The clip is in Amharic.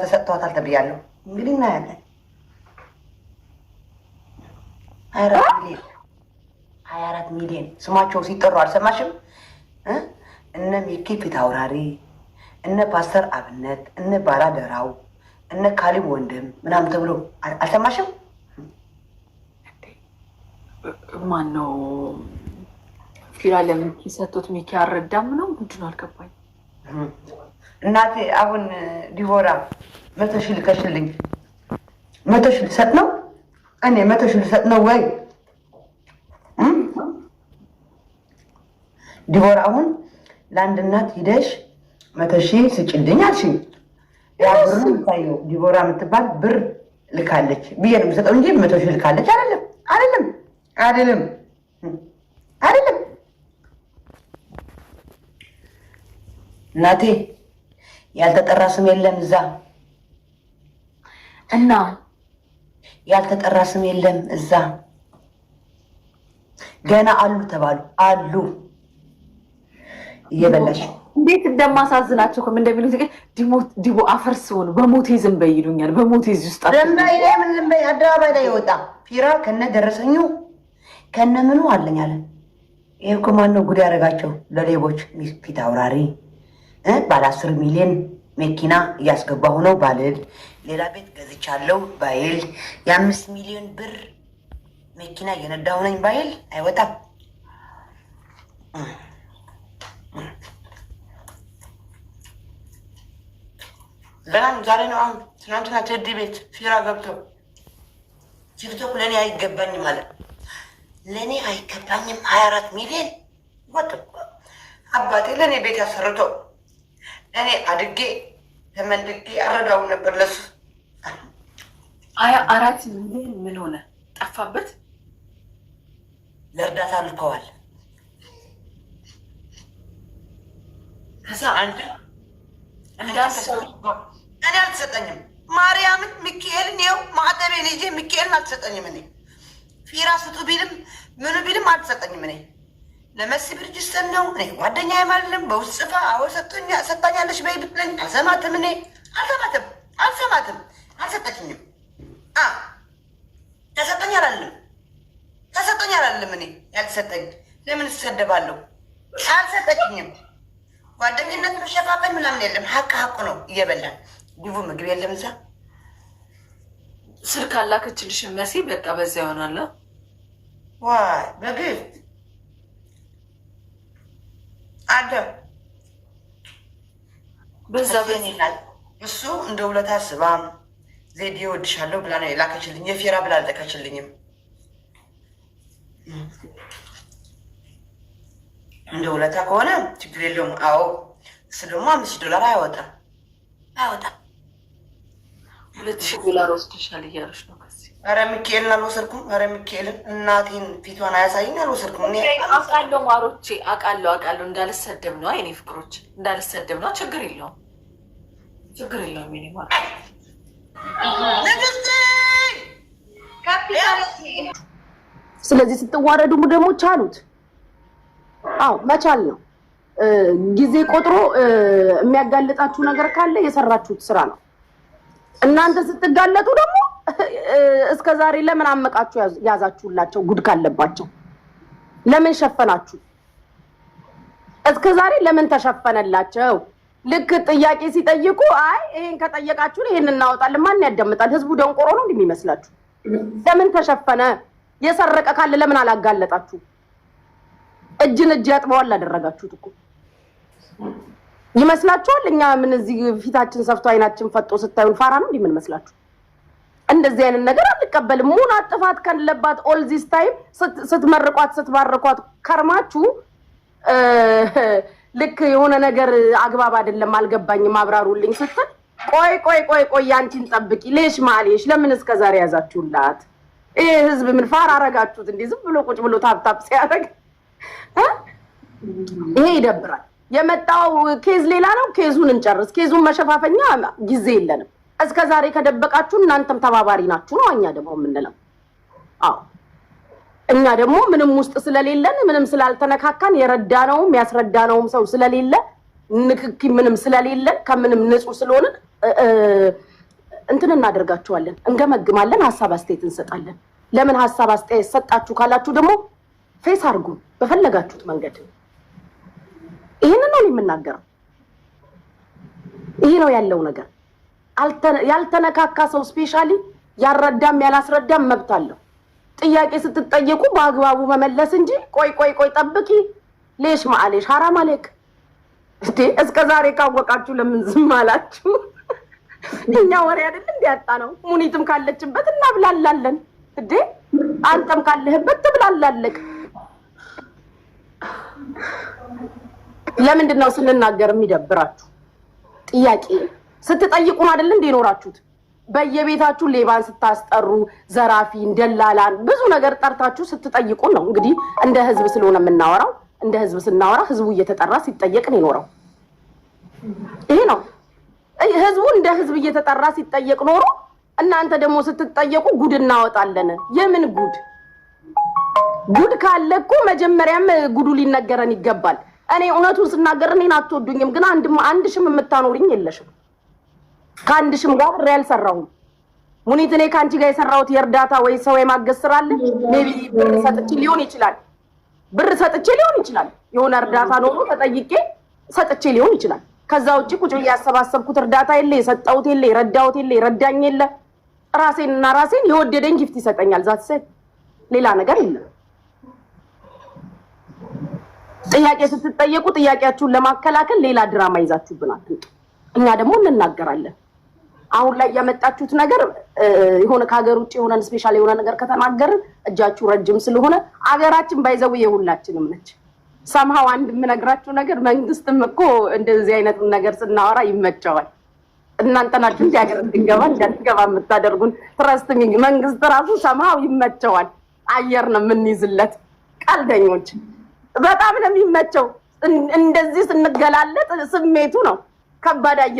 ተሰጥቷታል ተብያለሁ። እንግዲህ እናያለን። ሀያ አራት ሚሊዮን ሀያ አራት ሚሊዮን ስማቸው ሲጠሩ አልሰማሽም? እነ ሚኪ ፊት አውራሪ፣ እነ ፓስተር አብነት፣ እነ ባላ እነ ካሊብ ወንድም ምናምን ተብሎ አልሰማሽም? ማን ነው ፊራ? ለምን ሰጡት? ሚኪ አልረዳም ነው ምንድን ነው? አልገባኝ እናቴ አሁን ዲቦራ መቶ ሺህ ልከሽልኝ፣ መቶ ሺህ ልሰጥ ነው እኔ መቶ ሺህ ልሰጥ ነው ወይ ዲቦራ? አሁን ለአንድ እናት ሂደሽ መቶ ሺህ ስጭልኝ አልሽኝ። ያ ታየው ዲቦራ የምትባል ብር ልካለች ብዬ ነው የምሰጠው እንጂ መቶ ሺህ ልካለች አይደለም፣ አይደለም፣ አይደለም፣ አይደለም እናቴ ያልተጠራ ስም የለም እዛ እና ያልተጠራ ስም የለም እዛ። ገና አሉ ተባሉ አሉ እየበላሽ እንዴት እንደማሳዝናቸው ከም እንደሚሉት ግን ዲቦ አፈር ሲሆኑ በሞቴ ዝም በይ ይሉኛል። በሞቴ እዚህ ውስጥ አደባባይ ላይ ወጣ ፊራ ከነ ደረሰኙ ከነ ምኑ አለኝ አለ። ይህ እኮ ማነው ጉድ ያደረጋቸው ለሌቦች ፊት አውራሪ ባለ አስር ሚሊዮን መኪና እያስገባሁ ነው ባልል፣ ሌላ ቤት ገዝቻለሁ ባይል፣ የአምስት ሚሊዮን ብር መኪና እየነዳሁ ነኝ ባይል አይወጣም። በጣም ዛሬ ነው። አሁን ትናንትና ቴዲ ቤት ፊራ ገብቶ ቲክቶክ ለእኔ አይገባኝም አለ። ለእኔ አይገባኝም ሀያ አራት ሚሊዮን ወጥ አባቴ ለእኔ ቤት ያሰርተው እኔ አድጌ ተመንድጌ አረዳው ነበር ለሱ። አያ አራት ሚሊዮን ምን ሆነ ጠፋበት። ለእርዳታ ልከዋል። ከዛ አንድ እኔ አልተሰጠኝም። ማርያምን ሚካኤልን ይኸው ማዕተቤን ይዤ ሚካኤልን አልተሰጠኝም። እኔ ፊራ ስጡ ቢልም ምኑ ቢልም አልተሰጠኝም እኔ ለመሲ ብርጅስተን ነው እኔ ጓደኛ አይማለም በውስጥ ጽፋ አዎ ሰጥቶኛ ሰጣኛለች በይ ብትለኝ አልሰማትም። እኔ አልሰማትም አልሰማትም አልሰጠችኝም። ተሰጠኝ አላለም ተሰጠኝ አላለም። እኔ ያልተሰጠኝ ለምን ትሰደባለሁ? አልሰጠችኝም። ጓደኝነት መሸፋፈን ምናምን የለም። ሀቅ ሀቁ ነው። እየበላን ዲቡ ምግብ የለም እዛ ስልክ አላከችልሽም መሲ? በቃ በዚያ ይሆናለ ዋይ በግፍት አደ በዛ እሱ እንደ ውለታ ስባም ዜድ ወድሻለሁ ብላ ነው የላከችልኝ። የፌራ ብላ አልጠቀችልኝም። እንደ ውለታ ከሆነ ችግር የለውም። አዎ እሱ ደግሞ አምስት ዶላር አይወጣም ሁለት ሺህ ዶላር ወስደሻል እያለች ነው ኧረ ሚካኤልን አልወሰድኩም። ኧረ ሚካኤልን እናቴን ፊቷን አያሳይኝ አልወሰድኩም። አውቃለሁ ማሮቼ፣ አውቃለሁ አውቃለሁ። እንዳልሰደብ ነው የእኔ ፍቅሮች፣ እንዳልሰደብ ነው። ችግር የለውም፣ ችግር የለውም። የእኔ ማር ስለዚህ ስትዋረዱ ደግሞ ቻሉት። አዎ መቻል ነው። ጊዜ ቆጥሮ የሚያጋልጣችሁ ነገር ካለ የሰራችሁት ስራ ነው። እናንተ ስትጋለጡ ደግሞ እስከ ዛሬ ለምን አመቃችሁ ያዛችሁላቸው? ጉድ ካለባቸው ለምን ሸፈናችሁ? እስከ ዛሬ ለምን ተሸፈነላቸው? ልክ ጥያቄ ሲጠይቁ አይ ይሄን ከጠየቃችሁ ይሄን እናወጣለን። ማን ያዳምጣል? ህዝቡ ደንቆሮ ነው የሚመስላችሁ? ለምን ተሸፈነ? የሰረቀ ካለ ለምን አላጋለጣችሁ? እጅን እጅ ያጥበዋል አደረጋችሁት እኮ ይመስላችኋል። እኛ ምን እዚህ ፊታችን ሰፍቶ አይናችን ፈጦ ስታዩን ፋራ ነው መስላችሁ? እንደዚህ አይነት ነገር አልቀበልም። ሙን አጥፋት ከለባት ኦል ዚስ ታይም ስትመርቋት ስትባርኳት ከርማችሁ ልክ የሆነ ነገር አግባብ አይደለም አልገባኝም አብራሩልኝ ስትል ቆይ ቆይ ቆይ ቆይ አንቺን ጠብቂ ሌሽ ማሌሽ ለምን እስከ ዛሬ ያዛችሁላት? ይህ ህዝብ ምን ፋር አረጋችሁት? እንዲህ ዝም ብሎ ቁጭ ብሎ ታብታብ ሲያደርግ ይሄ ይደብራል። የመጣው ኬዝ ሌላ ነው። ኬዙን እንጨርስ። ኬዙን መሸፋፈኛ ጊዜ የለንም። እስከ ዛሬ ከደበቃችሁ እናንተም ተባባሪ ናችሁ ነው እኛ ደግሞ የምንለው። አዎ እኛ ደግሞ ምንም ውስጥ ስለሌለን ምንም ስላልተነካካን የረዳነውም ያስረዳነውም ሰው ስለሌለ ንክኪ ምንም ስለሌለን ከምንም ንጹህ ስለሆንን እንትን እናደርጋችኋለን፣ እንገመግማለን፣ ሀሳብ አስተያየት እንሰጣለን። ለምን ሀሳብ አስተያየት ሰጣችሁ ካላችሁ ደግሞ ፌስ አድርጉ በፈለጋችሁት መንገድ። ይህንን ነው የምናገረው። ይሄ ነው ያለው ነገር። ያልተነካካ ሰው ስፔሻሊ ያረዳም ያላስረዳም መብት አለው። ጥያቄ ስትጠየቁ በአግባቡ መመለስ እንጂ ቆይ ቆይ ቆይ ጠብቂ ሌሽ ማአሌሽ ሀራ ማሌክ እንዴ! እስከ ዛሬ ካወቃችሁ ለምን ዝም አላችሁ? እኛ ወሬ አይደል እንዲያጣ ነው። ሙኒትም ካለችበት እናብላላለን እንዴ! አንተም ካለህበት ትብላላለቅ። ለምንድን ነው ስንናገር የሚደብራችሁ? ጥያቄ ስትጠይቁን ነው አይደል ኖራችሁት። በየቤታችሁ ሌባን ስታስጠሩ፣ ዘራፊን፣ ደላላን ብዙ ነገር ጠርታችሁ ስትጠይቁን ነው። እንግዲህ እንደ ህዝብ ስለሆነ የምናወራው እንደ ህዝብ ስናወራ ህዝቡ እየተጠራ ሲጠየቅን የኖረው ይሄ ነው። ህዝቡ እንደ ህዝብ እየተጠራ ሲጠየቅ ኖሮ እናንተ ደግሞ ስትጠየቁ ጉድ እናወጣለን። የምን ጉድ? ጉድ ካለ እኮ መጀመሪያም ጉዱ ሊነገረን ይገባል። እኔ እውነቱን ስናገር እኔን አትወዱኝም፣ ግን አንድ ሽም የምታኖሪኝ የለሽም። ከአንድ ሽም ጋር ብሬ አልሰራሁም። ሙኒት እኔ ከአንቺ ጋር የሰራሁት የእርዳታ ወይ ሰው የማገዝ ስራ አለ። ሜቢ ብር ሰጥቼ ሊሆን ይችላል። ብር ሰጥቼ ሊሆን ይችላል። የሆነ እርዳታ ኖሮ ተጠይቄ ሰጥቼ ሊሆን ይችላል። ከዛ ውጭ ቁጭ ያሰባሰብኩት እርዳታ የለ፣ የሰጠሁት የለ፣ የረዳሁት የለ፣ የረዳኝ የለ። ራሴን እና ራሴን የወደደኝ ጊፍት ይሰጠኛል። ዛት ሌላ ነገር የለም። ጥያቄ ስትጠየቁ ጥያቄያችሁን ለማከላከል ሌላ ድራማ ይዛችሁብናል። እኛ ደግሞ እንናገራለን። አሁን ላይ ያመጣችሁት ነገር የሆነ ከሀገር ውጭ የሆነን ስፔሻል የሆነ ነገር ከተናገርን እጃችሁ ረጅም ስለሆነ አገራችን ባይዘው የሁላችንም ነች። ሰምሃው አንድ የምነግራችሁ ነገር መንግስትም እኮ እንደዚህ አይነት ነገር ስናወራ ይመቸዋል። እናንተ ናችሁ እንዲ ሀገር እንድንገባ እንዳንገባ የምታደርጉን ትረስት መንግስት ራሱ ሰምሃው ይመቸዋል። አየር ነው የምንይዝለት። ቀልደኞች በጣም ነው የሚመቸው። እንደዚህ ስንገላለጥ ስሜቱ ነው ከባድ አየር